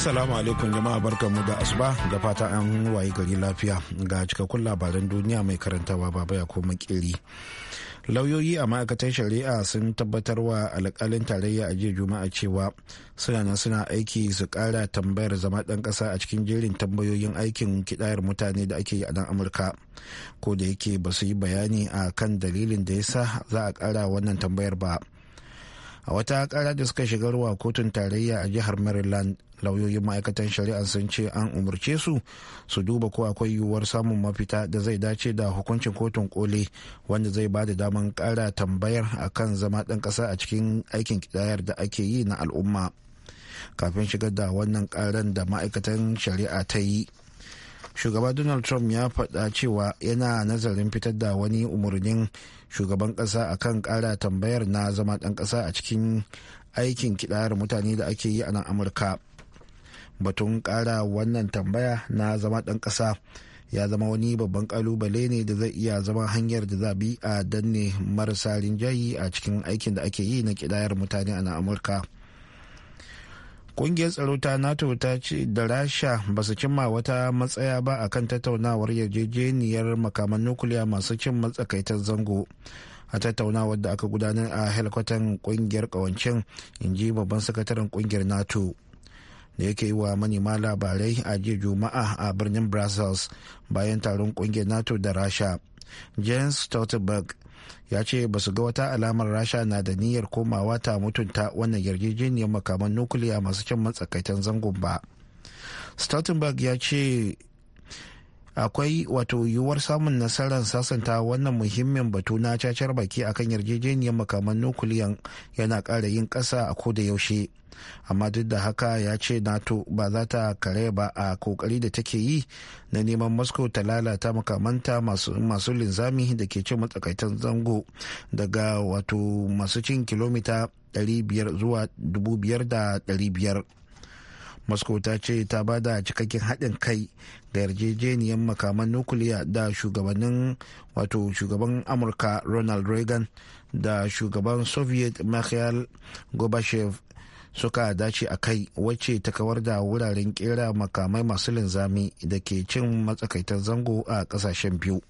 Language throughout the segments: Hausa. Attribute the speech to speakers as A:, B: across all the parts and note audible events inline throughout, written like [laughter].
A: Assalamu alaikum jama'a mu da asuba ga fata an waye gari lafiya ga cikakkun labaran duniya mai karantawa baba ya koma kiri. Lauyoyi a ma'aikatan shari'a sun tabbatar wa alƙalin tarayya a jiya juma'a cewa suna nan suna aiki su ƙara tambayar zama ɗan ƙasa a cikin jerin tambayoyin aikin kidayar mutane da ake yi a nan Amurka. Ko da yake ba su yi bayani a kan dalilin da ya sa za a ƙara wannan tambayar ba. a wata kara da suka shigarwa kotun tarayya a jihar maryland lauyoyin ma'aikatan shari'a sun ce an umarce su su duba ko akwai yiwuwar samun mafita da zai dace da hukuncin kotun koli wanda zai ba da daman kara tambayar akan zama ɗan ƙasa a cikin aikin kidayar da ake yi na al'umma kafin shigar da wannan karan da ma'aikatan shari'a ta yi shugaba donald trump ya faɗa cewa yana nazarin fitar da wani umarnin shugaban ƙasa akan ƙara tambayar na zama ɗan ƙasa a cikin aikin kidayar mutane da ake yi a nan amurka batun kara wannan tambaya na zama dan kasa ya zama wani babban kalubale ne da zai iya zama hanyar da za bi a danne marasa rinjayi a cikin aikin da ake yi na kidayar mutane a amurka kungiyar tsaro ta nato ta ce da rasha ba su cimma wata matsaya ba a kan tattaunawar yarjejeniyar makaman nukiliya masu cin matsakaitar zango a tattaunawar da aka gudanar a helikwatan kungiyar kawancin inji babban sakataren kungiyar nato da yake yi wa manema labarai a jiya juma'a a birnin brussels bayan taron kungiyar nato da rasha james stoltenberg ya ce ba su ga wata alamar rasha na da niyyar komawa ta mutunta wannan yarjejeniyar makaman nukiliya masu cin matsakaitan zangon ba stoltenberg ya ce akwai wato yiwuwar samun nasarar sasanta wannan muhimmin batu na cacar baki akan yarjejeniyar makaman nukuliyan yana ƙara yin ƙasa a ko da yaushe amma duk da haka ya ce nato ba za ta kare ba a kokari da take yi na neman moscow ta lalata makamanta masu linzami da ke cin matsakaitan zango daga wato masu cin kilomita 500 zuwa 5,500 moscow ta ce ta ba da cikakken haɗin kai ga yarjejeniyar makaman nukiliya da shugabannin wato shugaban amurka ronald reagan da shugaban soviet mikhail gorbachev suka dace a kai wacce ta kawar da wuraren kera makamai masu linzami da ke cin matsakaitar zango a kasashen biyu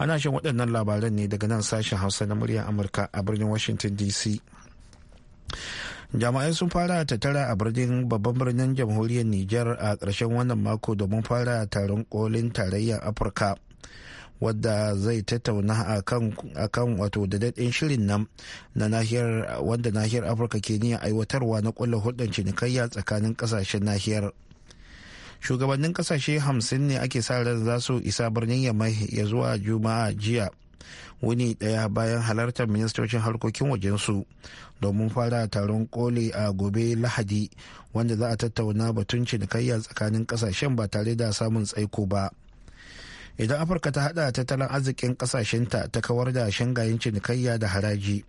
A: ana shan waɗannan labaran ne daga nan sashen hausa na muryar amurka a birnin washington dc jama'ai sun fara tattara a birnin babban birnin jamhuriyar niger a ƙarshen wannan mako domin fara taron kolin tarayyar afirka wadda zai tattauna a kan wato da daɗin shirin nan na nahiyar wanda nahiyar afirka ke niyan aiwatarwa na ƙulla hulɗar cinikayya tsakanin ƙasashen nahiyar shugabannin ƙasashe hamsin ne ake sa ran za su isa birnin yamai ya zuwa juma'a jiya wuni daya bayan halartar ministocin harkokin wajensu domin fara taron koli a gobe lahadi wanda za a tattauna batun cinikayya tsakanin kasashen ba tare da samun tsaiko ba idan afirka ta hada tattalin arzikin kasashenta ta kawar da shangayen cinikayya da haraji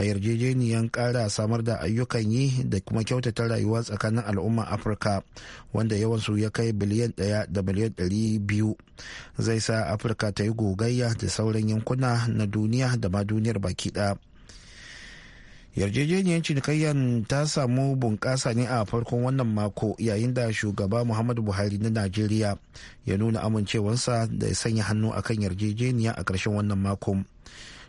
A: a yarjejeniyan kara samar da ayyukan yi da kuma kyautata rayuwa tsakanin al'umma afirka wanda yawansu ya kai biliyan daya da biliyan dari biyu zai sa afirka ta yi gogayya da sauran yankuna na duniya da ma duniyar baki ɗaya yarjejeniyar cinikayyar ta samu bunƙasa ne a farkon wannan mako yayin da shugaba muhammadu buhari na najeriya ya nuna amincewarsa da ya sanya hannu akan yarjejeniya a ƙarshen wannan mako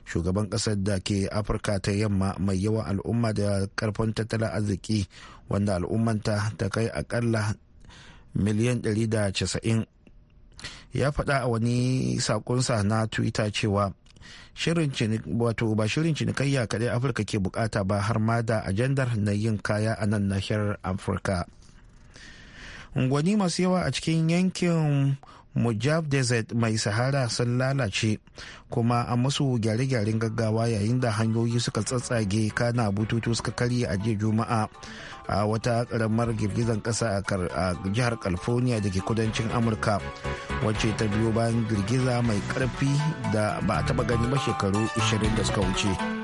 A: shugaban ƙasar da ke afirka ta yamma mai yawan al'umma da ƙarfin tattalin arziki wanda al'ummanta ta kai akalla miliyan 190 ya faɗa a wani sakonsa na twitter cewa shirin wato ba shirin cinikayya kadai afirka ke bukata ba har ma da ajandar na yin kaya a nan nahiyar afirka unguwanni masu yawa a cikin yankin mujab desert mai sahara sun lalace kuma a musu gyare-gyaren gaggawa yayin da hanyoyi suka tsatsage kana bututu suka karye a jiya juma'a a wata karamar girgizar kasa a jihar california da ke kudancin amurka wacce ta biyo bayan girgiza mai karfi da ba a taba gani ba shekaru 20 da suka wuce.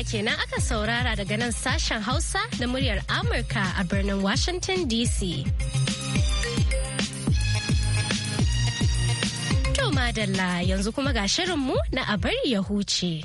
B: duniya kenan aka saurara daga nan sashen Hausa na muryar Amurka a birnin Washington DC. To madalla yanzu kuma ga shirinmu na abar bari ya huce.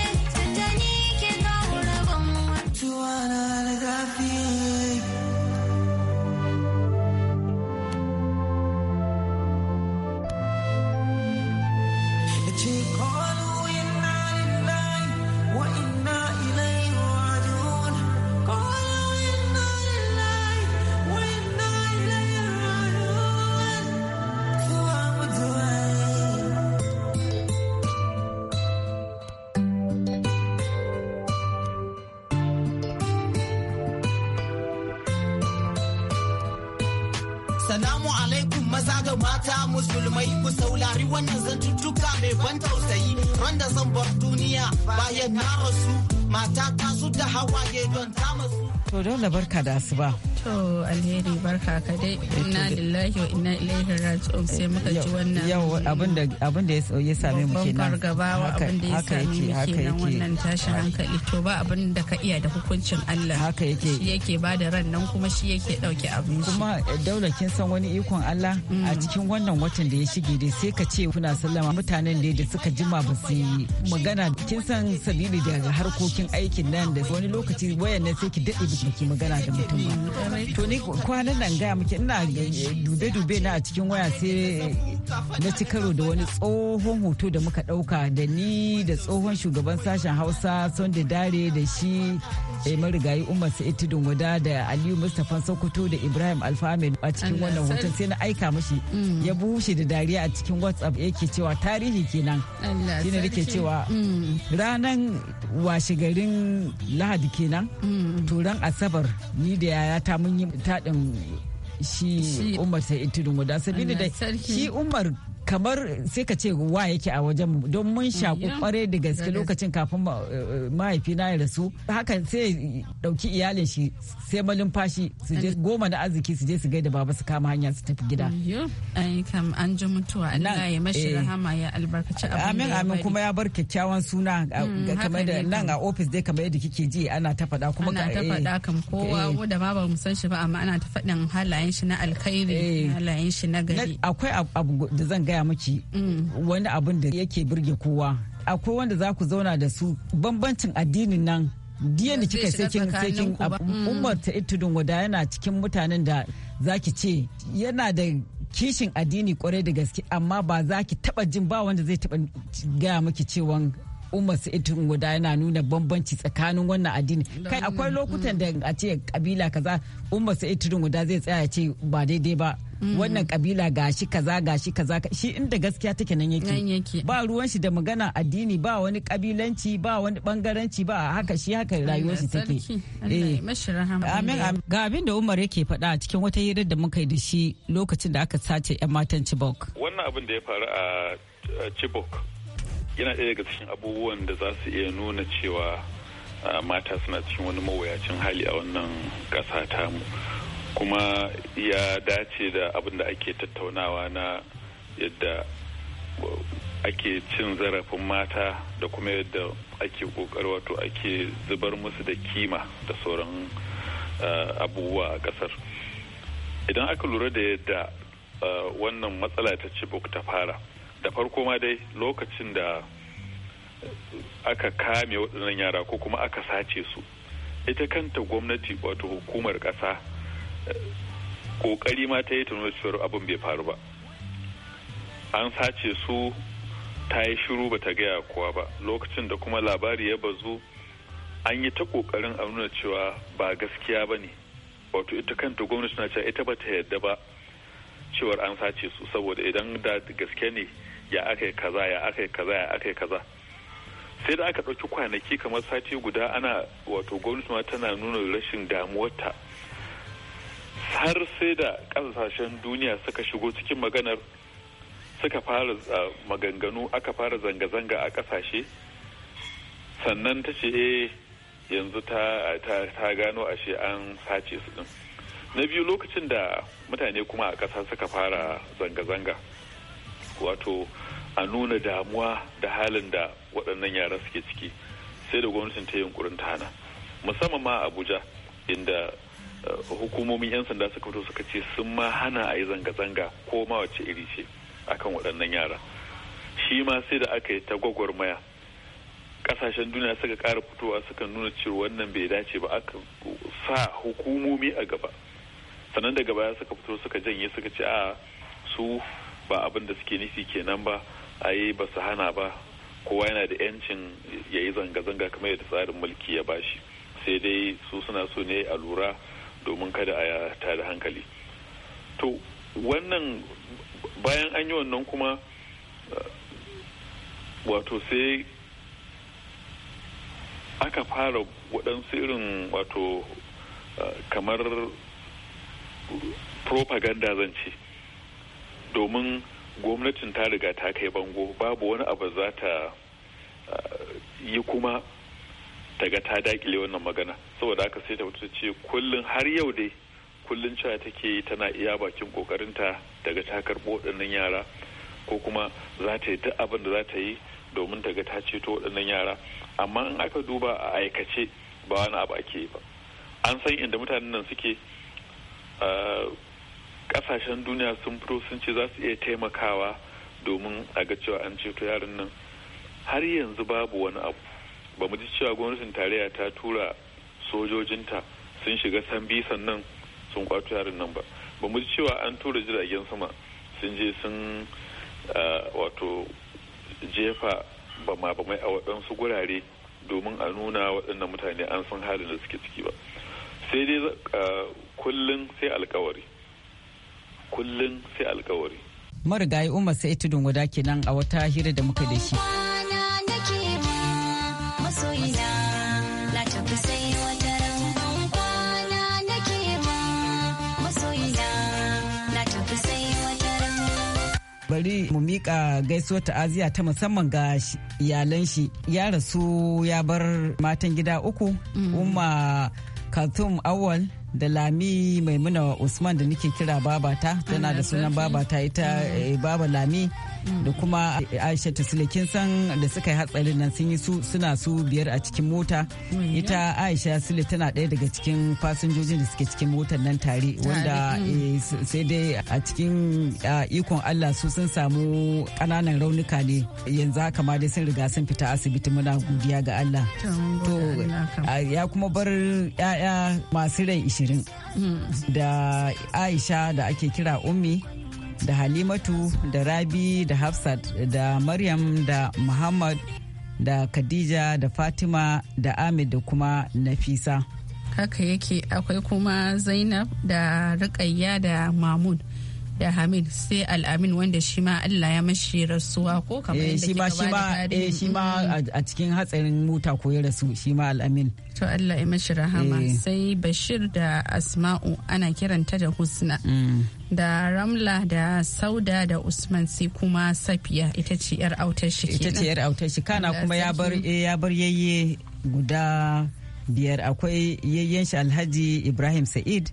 C: ban tausayi randa zan bar duniya bayan na rasu mata ta su da hawaye don ta masu. To dole barka da asuba. To
D: alheri barka ka dai
C: eh, inna lillahi wa inna
D: ilaihi raji'un sai muka ji wannan
C: yau abin da ya same mu kenan gaba wa abin da ya same mu kenan wannan
D: tashin hankali to ba abin da ka iya da hukuncin Allah haka yake shi yake ba da ran nan kuma shi yake dauke abin kuma
C: eh, daula kin san wani ikon Allah mm. a cikin wannan watan da ya shige dai sai ka ce kuna sallama mutanen da da suka jima ba su yi magana kin san sabili daga harkokin aikin nan da wani lokaci wayan sai ki dade ba ki magana da mutum ba mm, to ne kwanan nan gaya muke ina dube-dube na a cikin waya sai na ci karo da wani tsohon hoto da muka dauka da ni da tsohon shugaban sashen hausa sunday dare da shi eh, marigayi umar sa tudun wada da aliyu mustapha sokoto da ibrahim alfahamid a cikin wannan hoton sai na aika mashi mm. ya bushe da dariya a cikin whatsapp yake cewa tarihi kenan
D: shine ke cewa mm.
C: ranan washe garin lahadi kenan mm. turan asabar ni da yaya ta mun yi taɗin shi umar sai tudun da sabili da shi umar kamar sai ka ce wa yake a wajen don mun mm, shaku kwarai da gaske lokacin kafin eh, eh, mahaifina ya rasu haka sai dauki iyalin shi sai malumfashi su je goma na arziki su je su gaida baba su kama hanya su tafi gida mm,
D: ai kam an ji mutuwa Allah ya mashi eh. rahama ya albarkaci abin amin amin kuma
C: ya bar kyakkyawan suna mm, kamar da nan a office dai kamar yadda kike ji ana ta faɗa kuma ana ta faɗa kam kowa ko
D: da ma ba mu san shi ba amma ana ta faɗin halayen shi na alkhairi halayen shi na gari
C: akwai abu da zan gaya miki wani abin da yake birge kowa akwai wanda za ku zauna da su bambancin addinin nan diyan da kika sai kin sai kin ummar ta itudun wada yana cikin mutanen da zaki ce yana da kishin addini kwarai da gaske amma ba za ki taba jin ba wanda zai taba gaya miki cewa umar su itin guda yana nuna bambanci tsakanin wannan addini kai akwai mm. lokutan da a ce kabila kaza umar su itin guda zai tsaya ce ba daidai ba mm. wannan kabila gashi kaza gashi kaza shi inda gaskiya take nan yake ba ruwan shi da magana addini ba wani kabilanci ba wani bangaranci ba haka shi haka rayuwar shi take eh. amin ga abin da Umar yake faɗa a cikin wata hirar da muka yi da shi lokacin da aka sace yan matan Chibok
E: wannan abin da ya faru a Chibok yana ɗaya daga cikin abubuwan da za su iya nuna cewa mata suna cikin wani mawuyacin hali a wannan ƙasa tamu kuma ya dace da abin da ake tattaunawa na yadda ake cin zarafin mata da kuma yadda ake kokar wato ake zubar musu da kima da sauran abubuwa a ƙasar idan aka lura da yadda wannan matsala ta cibok ta fara da farko ma dai lokacin da aka kame waɗannan yara ko kuma aka sace su ita kanta gwamnati wato hukumar ƙasa ƙoƙari ma ta yi ta nuna cewar abin bai faru ba an sace su ta yi shiru ba ta gaya kowa ba lokacin da kuma labari ya bazu an yi ta ƙoƙarin a nuna cewa ba gaskiya ba ne wato ita kanta gwamnati na cewa ita ba ta yarda ba cewar an sace su saboda idan da gaske ne ya aka yi kaza ya aka yi kaza ya aka yi kaza sai da aka ɗauki kwanaki kamar sati guda ana wato gwamnati ma tana nuna rashin damuwarta har sai da ƙasashen duniya suka shigo cikin maganar suka fara maganganu aka fara zanga-zanga a ƙasashe sannan ta ce eh yanzu ta gano ashe an sace su din na biyu lokacin da mutane kuma a ƙasa suka fara zanga-zanga wato a nuna damuwa da halin da waɗannan yara suke ciki sai da gwamnatin ta yunkurin ta hana musamman ma abuja inda eh, hukumomin 'yan sanda suka fito suka ce sun ma hana a yi zanga-zanga ko ma wace iri ce akan waɗannan yara shi ma sai da aka yi ta gwagwarmaya kasashen duniya suka ƙara fitowa suka nuna cewa wannan bai dace ba aka sa hukumomi a gaba sannan daga baya suka fito suka janye suka ce a su ba abin da suke nufi kenan ba a yi ba su hana ba kowa yana da yancin ya yi zanga-zanga kamar yadda tsarin mulki ya bashi sai dai su suna so ne a lura domin kada a tada hankali to wannan bayan an yi wannan kuma wato sai aka fara waɗansu irin wato kamar propaganda zan ce domin gwamnatin ta riga ta kai bango babu wani abu za ta yi kuma daga ta dakile wannan magana saboda haka sai ta wuce ce kullum har yau dai kullum cewa take tana iya bakin kokarinta daga ta karɓo waɗannan yara ko kuma za ta yi duk abin da za ta yi domin daga ta ceto waɗannan yara amma in aka duba a aikace ba wani abu ake yi ba an san inda mutanen nan suke kasashen duniya sun fito sun ce za su iya taimakawa domin a ga cewa an ceto yaron nan har yanzu babu wani abu ba mu ji cewa gwamnatin tarayya ta tura sojojinta sun shiga sambi sannan sun kwato yaron nan ba ba mu ji cewa an tura jiragen sama sun je sun wato jefa ba ma ba mai a waɗansu gurare domin a nuna waɗannan mutane an san halin da suke ciki ba sai dai kullum sai alkawari kullum sai alkawari
C: marigayi umar sai tudun guda kenan a wata hira da muka da shi bari mu miƙa gaisuwar ta'aziya ta musamman ga iyalan shi ya rasu ya bar matan gida uku mm. umma Khartoum Awal da Lami Maimuna Usman da nake kira babata tana da sunan babata ita eh, Baba Lami da kuma aisha tusile kin san da suka yi hatsarin nan sun yi su suna su biyar a cikin mota ita aisha sule tana ɗaya daga cikin fasinjojin da suke cikin motar nan tare wanda mm. eh, sai dai a cikin ikon allah su sun samu ƙananan raunuka ne yanzu haka ma dai sun riga sun fita asibiti muna godiya ga allah to ya kuma bar 'ya'ya masu rai ishirin mm. da aisha da ake kira ummi da halimatu da rabi da hafsat da maryam da muhammad da khadija da fatima da amid da kuma nafisa
D: haka yake akwai kuma zainab da rukayya da mamun da hamid sai al'amin wanda shi ma allah ya mashi rasuwa ko kamar eh, yadda shi ma shi eh, shi ma
C: a cikin hatsarin mota ko ya rasu shi ma al'amin to allah ya mashi rahama eh.
D: sai bashir da asma'u ana kiranta da husna mm. da ramla da sauda da usman sai kuma safiya ita ce yar autar shi ita ce yar autar shi kana kuma ya bar eh,
C: ya bar yayye guda biyar akwai yayyen shi alhaji ibrahim sa'id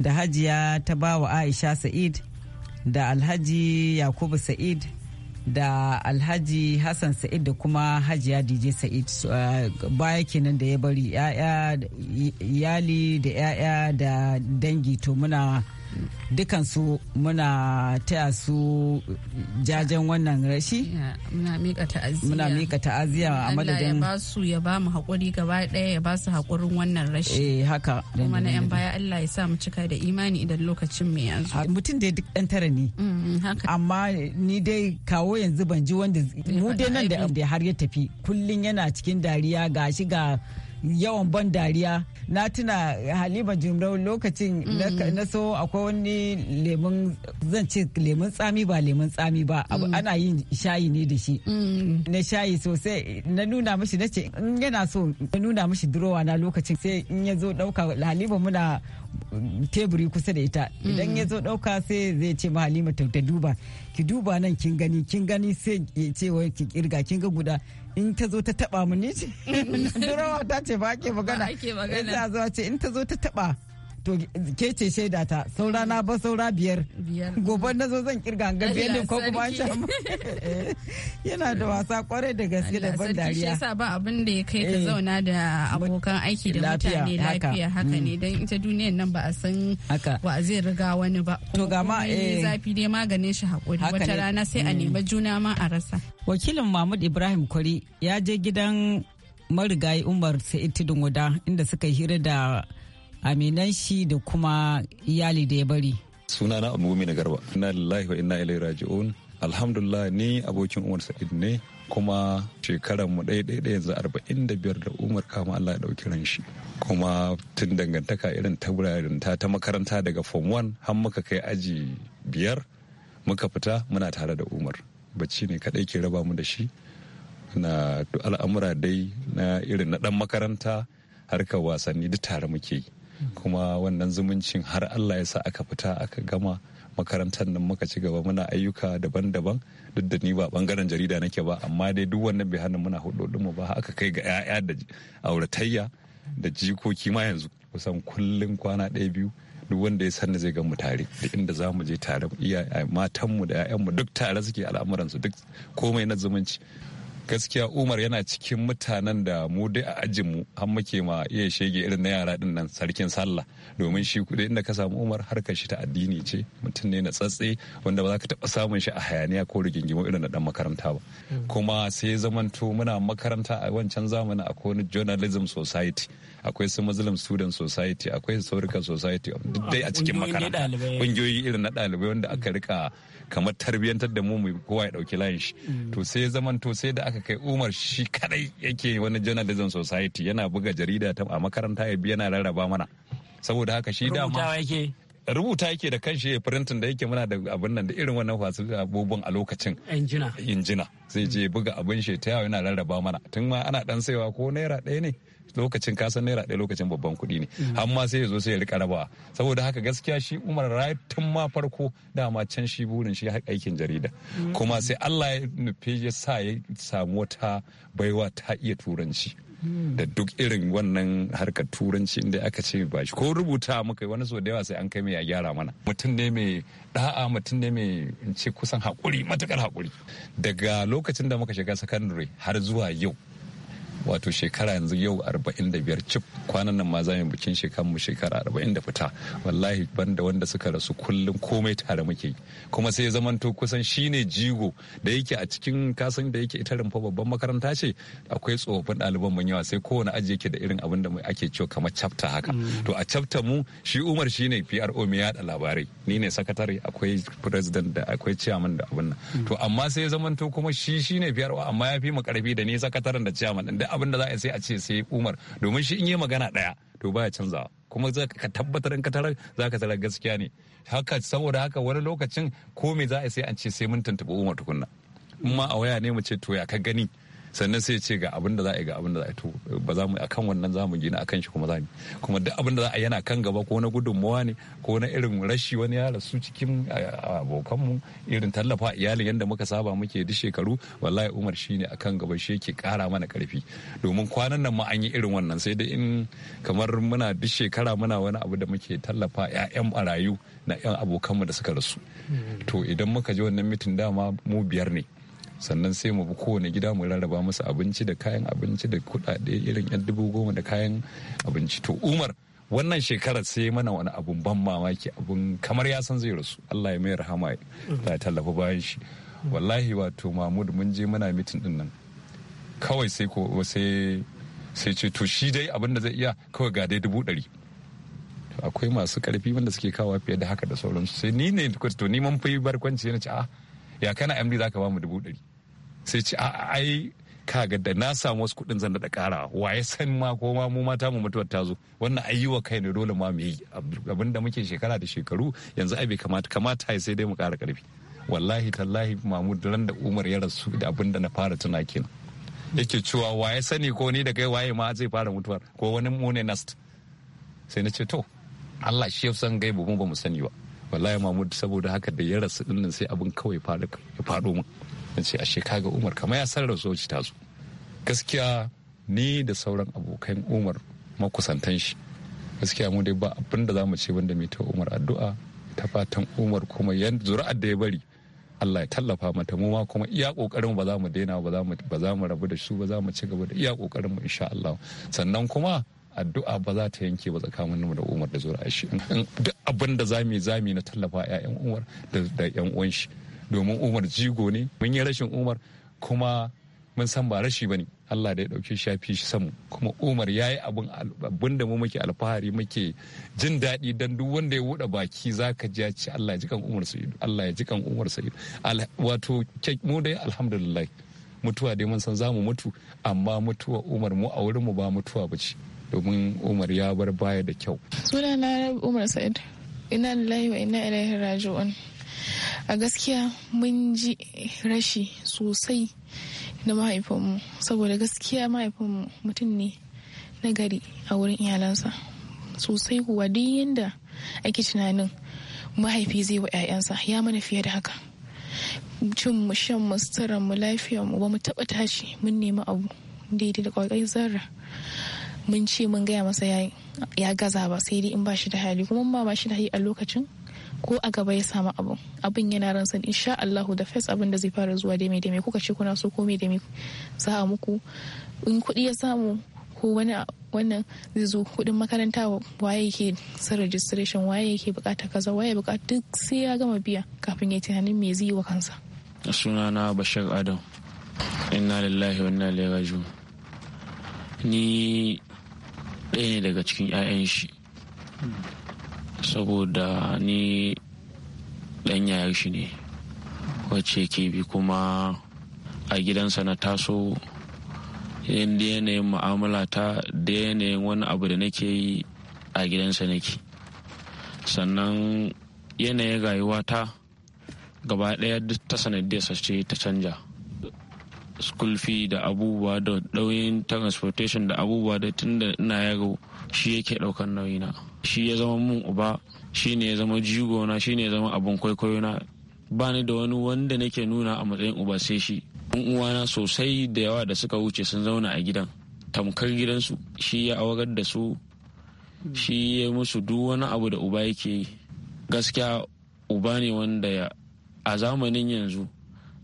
C: da hajiya ta bawa aisha sa'id da alhaji yakubu sa'id da alhaji hassan sa'id da kuma hajiya dj sa'id uh, baya kenan da ya bari yali da yaya da dangi to muna dukansu muna taya su jajen wannan rashi muna mika ta'aziyya a madadin ya ba
D: su ya ba mu haƙuri gaba ɗaya ya ba su haƙurin wannan rashi
C: eh haka kuma na yan baya Allah ya sa mu cika da imani idan lokacin mu ya zo mutum dai duk ɗan tara ne mm-hmm, amma ni dai kawo yanzu ban ji wanda mu dai nan da har ya tafi kullun yana cikin dariya gashi ga yawan ban dariya na tuna halima jimrau lokacin mm. na so akwai wani lemun zan ce lemun tsami ba lemun tsami ba mm. ana yin shayi ne da shi mm. na shayi sosai na nuna mishi na ce yana so na nuna mishi durowa na lokacin sai in ya zo dauka halima muna teburi kusa da ita mm-hmm. idan ya zo ɗauka sai zai ce ma halima ta duba ki duba nan kin gani kin gani sai ya ce wai ki kirga kin ga guda in ta zo ta taba mu ni ce [laughs] ta ce ba ake magana in ta zo ce in ta zo ta taba to ke ce shaida ta saura na ba saura biyar gobe na zo zan kirga ga biyar ne ko kuma an shafa [laughs] yana da wasa kwarai da gaske da ban dariya shi yasa
D: ba abin da ya kai ka eh. zauna da abokan aiki da mutane lafiya haka ne hmm. dan ita duniyar nan ba a san
C: wa zai riga wani ba to ga ma eh. zafi
D: dai maganin shi hakuri wata rana sai a hmm. nemi juna ma a rasa
C: wakilin Mahmud Ibrahim Kwari ya je gidan marigayi Umar Sa'id Tudun Wada inda suka hira da aminan shi da kuma iyali da ya bari
F: sunana abu na garba inna lillahi wa inna ilai raji'un alhamdulillah ni abokin umar sa'id ne kuma shekaran mu ɗaya ɗaya yanzu arba'in da biyar da umar kama allah ya ɗauki ran shi kuma tun dangantaka irin ta wuraren ta ta makaranta daga form 1 har muka kai aji biyar muka fita muna tare da umar bacci ne kaɗai ke raba mu da shi na al'amura dai na irin na ɗan makaranta harkar wasanni duk tare muke yi kuma wannan zumuncin har allah ya sa aka fita aka gama makarantar nan muka ci gaba muna ayyuka daban-daban duk da ni ba bangaren jarida nake ba amma dai duk wannan bai hana muna hudu mu ba aka kai ga 'ya'ya da auratayya da jikoki ma yanzu kusan kullum kwana ɗaya biyu duk wanda ya sani zai mu tare da inda za mu je tare matanmu da 'ya'yanmu duk tare suke al'amuransu duk komai na zumunci gaskiya umar yana cikin mutanen da mu dai a ajinmu har muke ma iya shege irin na yara din nan sarkin sallah domin shi kudai inda ka samu umar harkar shi ta addini ce mutum ne na tsatse wanda ba za ka taba samun shi a hayaniya ko rigingimu irin na dan makaranta ba hmm. kuma sai zamanto muna makaranta a wancan zamanin a wani journalism society akwai su muslim student society akwai historical society duk dai a cikin makaranta kungiyoyi irin na ɗalibai wanda aka rika kamar tarbiyyantar da mu mu kowa ya dauki layin shi mm. to sai zaman to sai da aka kai umar shi kadai yake wani journalism society yana buga jarida ta a makaranta ya bi yana rarraba mana saboda haka shi dama rubuta yake da kanshi ya printin da yake muna da abin nan da irin wannan fasu abubuwan a lokacin injina zai je buga abin shi ta yawa yana rarraba mana tun ma ana dan saiwa ko naira ɗaya ne lokacin ka san naira ɗaya lokacin babban kuɗi ne mm. amma sai ya zo sai ya rika rabawa saboda haka gaskiya shi umar rai tun ma farko dama can shi burin shi aikin jarida mm. kuma sai allah ya nufi ya sa ya samu wata baiwa ta iya turanci mm. da duk irin wannan harkar turanci inda aka ce ba shi ko rubuta muka wani so da yawa sai an kai mai ya gyara mana mutum ne mai da'a mutum ne mai in ce kusan haƙuri matukar haƙuri daga lokacin da muka shiga sakandare har zuwa yau wato shekara yanzu yau 45 cif kwanan nan ma za mu bikin mu shekara 40 da fita wallahi banda wanda suka rasu kullum komai tare muke kuma sai to kusan shine jigo da yake a cikin kasan da yake ita rumfa babban makaranta ce akwai tsofaffin ɗaliban mun yawa sai kowane aji yake da irin abin da ake cewa kamar chapter haka mm. to a chapter mu shi Umar shine PRO mai yada labarai ni ne sakatare akwai president da akwai chairman da abin nan mm. to amma sai to kuma shi shine PRO amma ya fi mu karfi da ni sakataren da chairman da abin da za a sai a ce sai umar domin shi in yi magana ɗaya to ba ya canzawa kuma za ka tabbatar in ka tarar za ka tarar gaskiya ne haka saboda haka wani lokacin ko me za a sai an ce sai mun tuntuɓi umar tukunna in ma a waya ne mu ce to ya ka gani sannan sai ce ga abin da za a yi ga abin da za a yi to ba za mu kan wannan za mu gina kan shi kuma za mu kuma duk abin da za a yana kan gaba ko na gudunmuwa ne ko na irin rashi wani ya rasu cikin abokanmu irin tallafa iyalin yadda muka saba muke duk shekaru wallahi umar shi ne akan gaba shi yake kara mana karfi domin kwanan nan ma an yi irin wannan sai dai in kamar muna duk shekara muna wani abu da muke tallafa 'ya'yan marayu na 'yan abokanmu da suka rasu hmm. to idan muka je wannan mitin dama mu biyar ne sannan sai mu bi kowane gida mu rarraba masu abinci da kayan abinci da kudade irin yan dubu goma da kayan abinci to umar wannan shekarar sai mana wani abun ban mamaki abun kamar ya san zai rasu allah ya mai rahama ya tallafa bayan shi wallahi wato mahmud mun je muna mitin din nan kawai sai ko sai sai ce to shi dai abin da zai iya kawai ga dai dubu ɗari akwai masu karfi wanda suke kawo fiye da haka da sauransu sai ni ne to ni mun fi barkwanci na ce a ah, ya kana md zaka ba mu dubu ɗari sai ce ai kaga da na samu wasu kuɗin zan da kara wa ya san ma ko ma mu mata mu mutuwar ta zo wannan ayyuwa kai ne dole ma mu yi abin da muke shekara da shekaru yanzu ai bai kamata kamata sai dai mu ƙara ƙarfi wallahi tallahi mahmud ran da umar ya rasu da abin da na fara tuna kenan yake cewa wa ya sani ko ni da kai waye ma zai fara mutuwar ko wani ne nast sai na ce to Allah shi ya san gaibu mu ba mu sani ba wallahi mahmud saboda haka da ya rasu dinnan sai abin kawai ya faɗo mu na ce ashe kaga umar kamar ya sarar ta zo gaskiya ni da sauran abokan umar makusantan shi gaskiya mu dai ba abin da za ce wanda mai ta umar addu'a ta fatan umar kuma yan zuri'ar da ya bari Allah ya tallafa mata mu ma kuma iya kokarin ba za mu daina ba za mu ba za mu rabu da su ba za mu ci gaba da iya kokarin mu insha Allah sannan kuma addu'a ba za ta yanke ba tsakanin mu da Umar da zuri'ar shi duk abin da zamu zamu na tallafa ƴaƴan Umar da yan uwan shi domin umar jigo ne mun yi rashin umar kuma mun san ba rashi ba ne allah da ya ɗauke shi ya fi shi samu kuma umar ya yi abin da mu muke alfahari muke jin daɗi don duk wanda ya wuɗa baki za ka ji ce allah ya ji kan umar sa'idu allah ya ji kan umar sa'idu wato mu dai alhamdulillah mutuwa dai mun san za mu mutu amma mutuwa umar mu a wurin mu ba mutuwa ba ce domin umar ya bar baya da kyau
D: sunana umar sa'id ina lillahi wa ina ilaihi raji'un a gaskiya mun ji rashi sosai na mahaifinmu saboda gaskiya mahaifinmu mutum ne na gari a wurin iyalansa sosai kuwa duk yadda ake tunanin mahaifi zai wa 'ya'yansa ya mana fiye da haka cin mu shan mu suturan mu lafiyar mu ba mu taba tashi mun nemi abu daidai da kwakwai zarra mun ce mun gaya masa ya gaza ba sai dai in ba shi da hali kuma ba shi da hali a lokacin ko a gaba ya samu abu abin yana ran san insha Allahu da fes abin da zai fara zuwa da mai da kuka ce kuna so ko mai da mai za a muku in kuɗi ya samu ko wani wannan zai zo kuɗin makaranta waye yake sa registration waye yake bukata kaza waye bukata duk sai ya gama biya kafin ya tunanin me zai yi wa kansa
G: sunana bashar adam inna lillahi wa inna ilaihi raji'un ni ɗaya ne daga cikin 'ya'yan shi saboda ni ɗan yayar shi ne wacce ke bi kuma a gidansa na taso inda yanayin mu'amala ta da yanayin wani abu da nake yi a gidansa nake sannan yanayin rayuwa ta gaba ɗaya duk ta sanadiyarsa ce ta canja school fee da abubuwa da nauyin transportation da abubuwa da tun da ina yaro shi yake ɗaukar nauyina shi ya zama mun uba shi ne ya zama jigona shi ne ya zama abin na ba ni da wani wanda nake nuna a matsayin uba sai shi in uwana sosai da yawa da suka wuce sun zauna a gidan tamkar gidansu shi ya awagar da su shi ya musu duk wani abu da uba yake gaskiya uba ne wanda a zamanin yanzu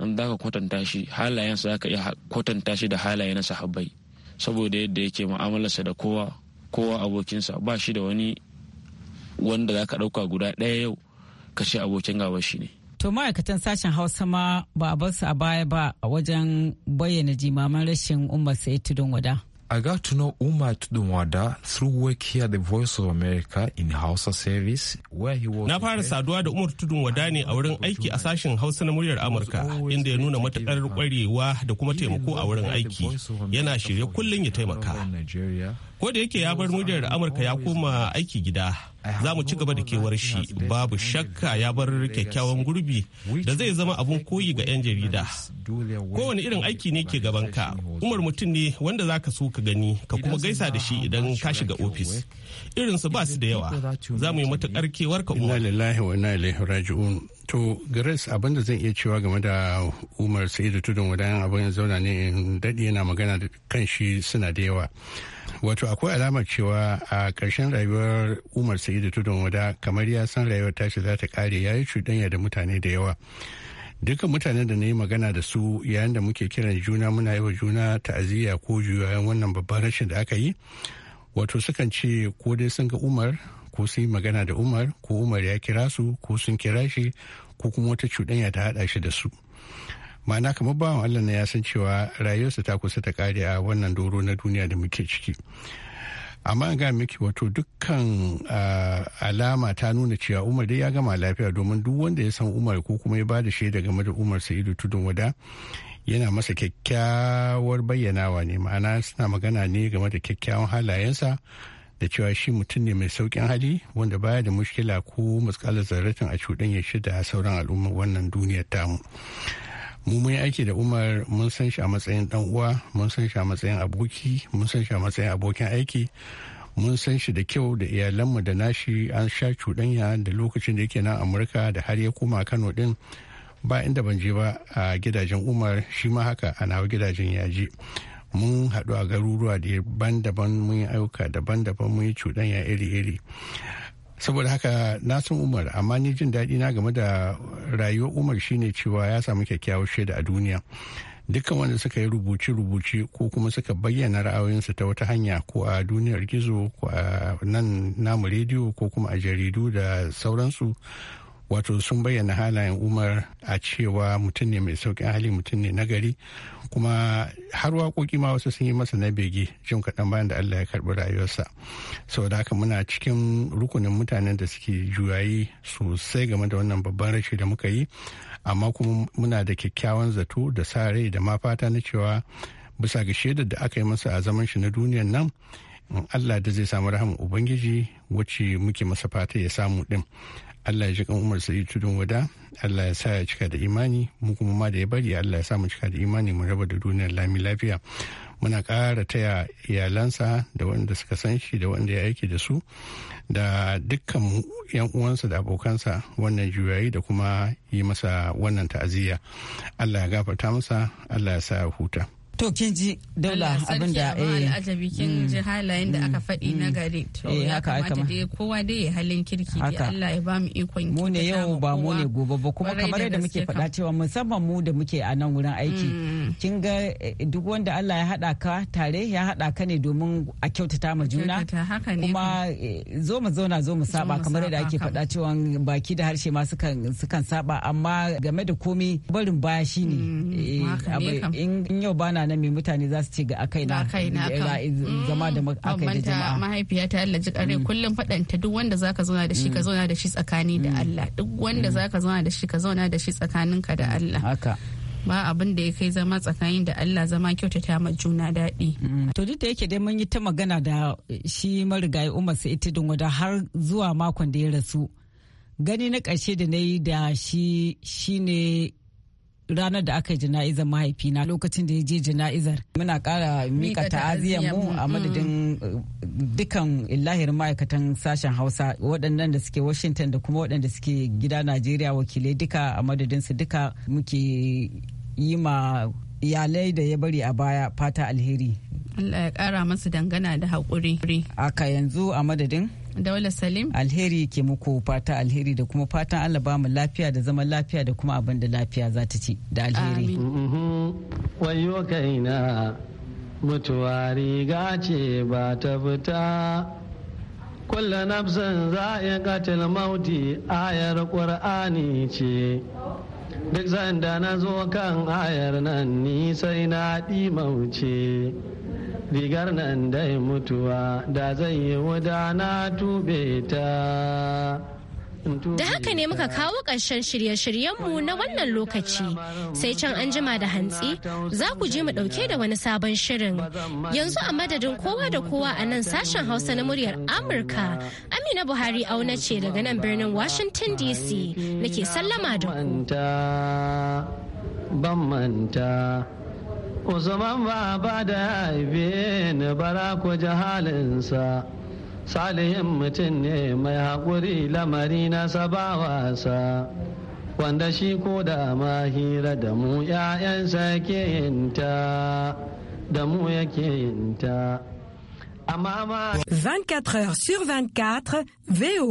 G: in za ka kwatanta shi halayensa za ka iya kwatanta shi da halaye na sahabbai saboda yadda yake mu'amalarsa da kowa kowa abokinsa ba shi da wani wanda za ka ɗauka guda ɗaya yau ka ce abokin gaba shi ne
C: To ma'aikatan sashen Hausa ma ba a bar su a baya ba a wajen bayyana jimaman rashin Umar ya Tudun
H: Wada.
F: I got to know Uma Tudumwada through work here the Voice of America in Hausa service
H: where he was Na fara saduwa da Umar Tudumwada ne a wurin aiki a sashen Hausa na muryar Amurka inda ya nuna matakar kwarewa da kuma taimako a wurin aiki yana shirye kullum ya taimaka ko da yake ya bar mujiyar amurka ya koma aiki gida za mu ci gaba da kewar shi babu shakka ya bar kyakkyawan gurbi da zai zama abun koyi ga 'yan jarida kowane irin aiki ne ke gaban ka umar mutum ne wanda za ka so ka gani ka kuma gaisa da shi idan ka shiga ofis irinsu ba su da yawa za mu yi matukar kewar ka umar to grace abin da zan iya cewa game da umar sai da tudun wadannan abin zauna ne in daɗe yana magana da kan shi suna da yawa wato akwai alamar cewa a ƙarshen rayuwar umar sa'idu tudun wada kamar ya san rayuwar tashi za ta kare ya yi cuɗanya da mutane da yawa dukkan mutanen da na yi magana da su yayin da muke kiran juna muna yi wa juna ta'aziyya ko juyayen wannan babban rashin da aka yi wato sukan ce ko dai sun ga umar ko sun yi magana da umar ko umar ya kira su ko sun kira shi ko kuma wata cuɗanya ta haɗa shi da su ma'ana kamar bawan allah na ya san cewa rayuwarsa ta kusa ta kare a wannan doro na duniya da muke ciki amma ga miki wato dukkan alama ta nuna cewa umar dai ya gama lafiya domin duk wanda ya san umar ko kuma ya ba da shaida game da umar sa'idu tudun wada yana masa kyakkyawar bayyanawa ne ma'ana suna magana ne game da kyakkyawan halayensa da cewa shi mutum ne mai saukin hali wanda baya da mushkila ko matsalar zarratin a cuɗanya shida da sauran al'ummar wannan duniyar tamu mu mun aiki da umar mun san shi a matsayin dan uwa mun san shi a matsayin aboki mun san shi a matsayin abokin aiki mun san shi da kyau da iyalanmu da nashi an sha cuɗanya da lokacin da yake nan amurka da har ya koma kano din ba inda ban je ba a gidajen umar shi ma haka a nawa gidajen yaji mun haɗu a garuruwa daban-daban mun yi ayyuka daban-daban mun yi cuɗanya iri-iri saboda haka na san umar amma ni jin daɗi na game da rayuwar umar shine cewa ya samu kyakkyawar shaida a duniya dukkan wanda suka yi rubuce-rubuce ko kuma suka bayyana ra'ayoyinsu ta wata hanya ko a duniyar gizo ko a nan namu rediyo ko kuma a jaridu da sauransu wato sun bayyana halayen umar a cewa mutum ne mai saukin hali mutum ne nagari kuma har waƙoƙi ma wasu sun yi masa na bege jin kaɗan bayan da allah ya karɓi rayuwarsa saboda haka muna cikin rukunin mutanen da suke juyayi sosai game da wannan babban rashi da muka yi amma kuma muna da kyakkyawan zato da sa rai da ma fata na cewa bisa ga shaidar da aka yi masa a zaman shi na duniyan nan in Allah da zai samu rahaman Ubangiji wacce muke masa fata ya samu ɗin. Allah ya ji kan Umar yi Tudun Wada Allah ya sa ya cika da imani mu kuma ma da ya bari Allah ya sa mu cika da imani mu raba da duniyar lami lafiya muna ƙara taya iyalansa da wanda suka san shi da wanda ya aiki da su da dukkan yan uwansa da abokansa wannan juyayi da kuma yi masa wannan ta'aziyya Allah ya gafarta masa Allah ya sa ya huta
C: To kin ji daula abin da eh
D: ajabi kin mm. ji halayen da aka faɗi na gari to eh, ya kamata dai kowa dai ya halin kirki dai Allah ya
C: ba mu ikon mu ne yau ba mu ne gobe ba kuma kamar yadda muke faɗa cewa musamman mu da muke a nan wurin aiki mm. kin ga eh, duk wanda Allah ya hada ka tare ya hada ka ne domin a kyautata ma juna kuma eh, zo mu zauna zo mu saba kamar yadda ake faɗa cewa baki da harshe ma sukan sukan saba amma game da komai barin baya shine mm, in yau bana nan mai mutane za su ce ga akai na zama da mm. akai da jama'a
D: mahaifiya ta Allah ji kare mm. kullum fadanta duk wanda zaka mm. zauna da shi ka zauna da shi tsakani da Allah duk wanda zaka zauna da shi ka zauna da shi ka da Allah haka ba abin da ya kai zama tsakanin da Allah zama kyautata ma juna daɗi.
C: To duk da yake dai mun yi ta magana da shi marigayi Umar sai ita wada har zuwa makon da ya rasu. Gani na ƙarshe da na yi da shi shine ranar da aka yi jana'izar mahaifina lokacin da ya je jana'izar muna kara mika ta'aziyar mu a mm. madadin uh, dukan illahir ma'aikatan sashen hausa waɗannan da suke washington da kuma waɗanda suke gida najeriya wakilai duka a madadin su duka muke yi ma iyalai da ya bari a baya fata alheri Allah ya kara masu dangana da haƙuri. Aka yanzu a madadin? Daula Salim. Alheri ke muku fata alheri da kuma fatan Allah ba mu lafiya da zaman lafiya da kuma abin da lafiya za ta ci
H: da alheri. Mhm. Wayo kaina mutuwa riga ce ba ta fita. Kulla nafsan za yi katil mauti ayar ƙur'ani ce. Duk sanda na zo kan ayar nan ni sai na ɗi mauce. rigar nan dai mutuwa da zai yi wuda na tube ta Da haka ne
B: muka kawo ƙarshen shirye-shiryenmu na wannan lokaci, sai can an jima da hantsi za ku je mu ɗauke da wani sabon shirin. Yanzu a madadin kowa da kowa a nan sashen Hausa na muryar Amurka, Amina Buhari auna ce daga nan birnin Washington DC nake sallama
H: da ku. usman ba ba da haife ni bara ku ji halinsa salihin mutum ne mai haƙuri lamari na sabawasa wanda shi ko da hira da mu 'ya'yansa ke yinta da mu yake yinta
C: 24 heures sur 24, VOA.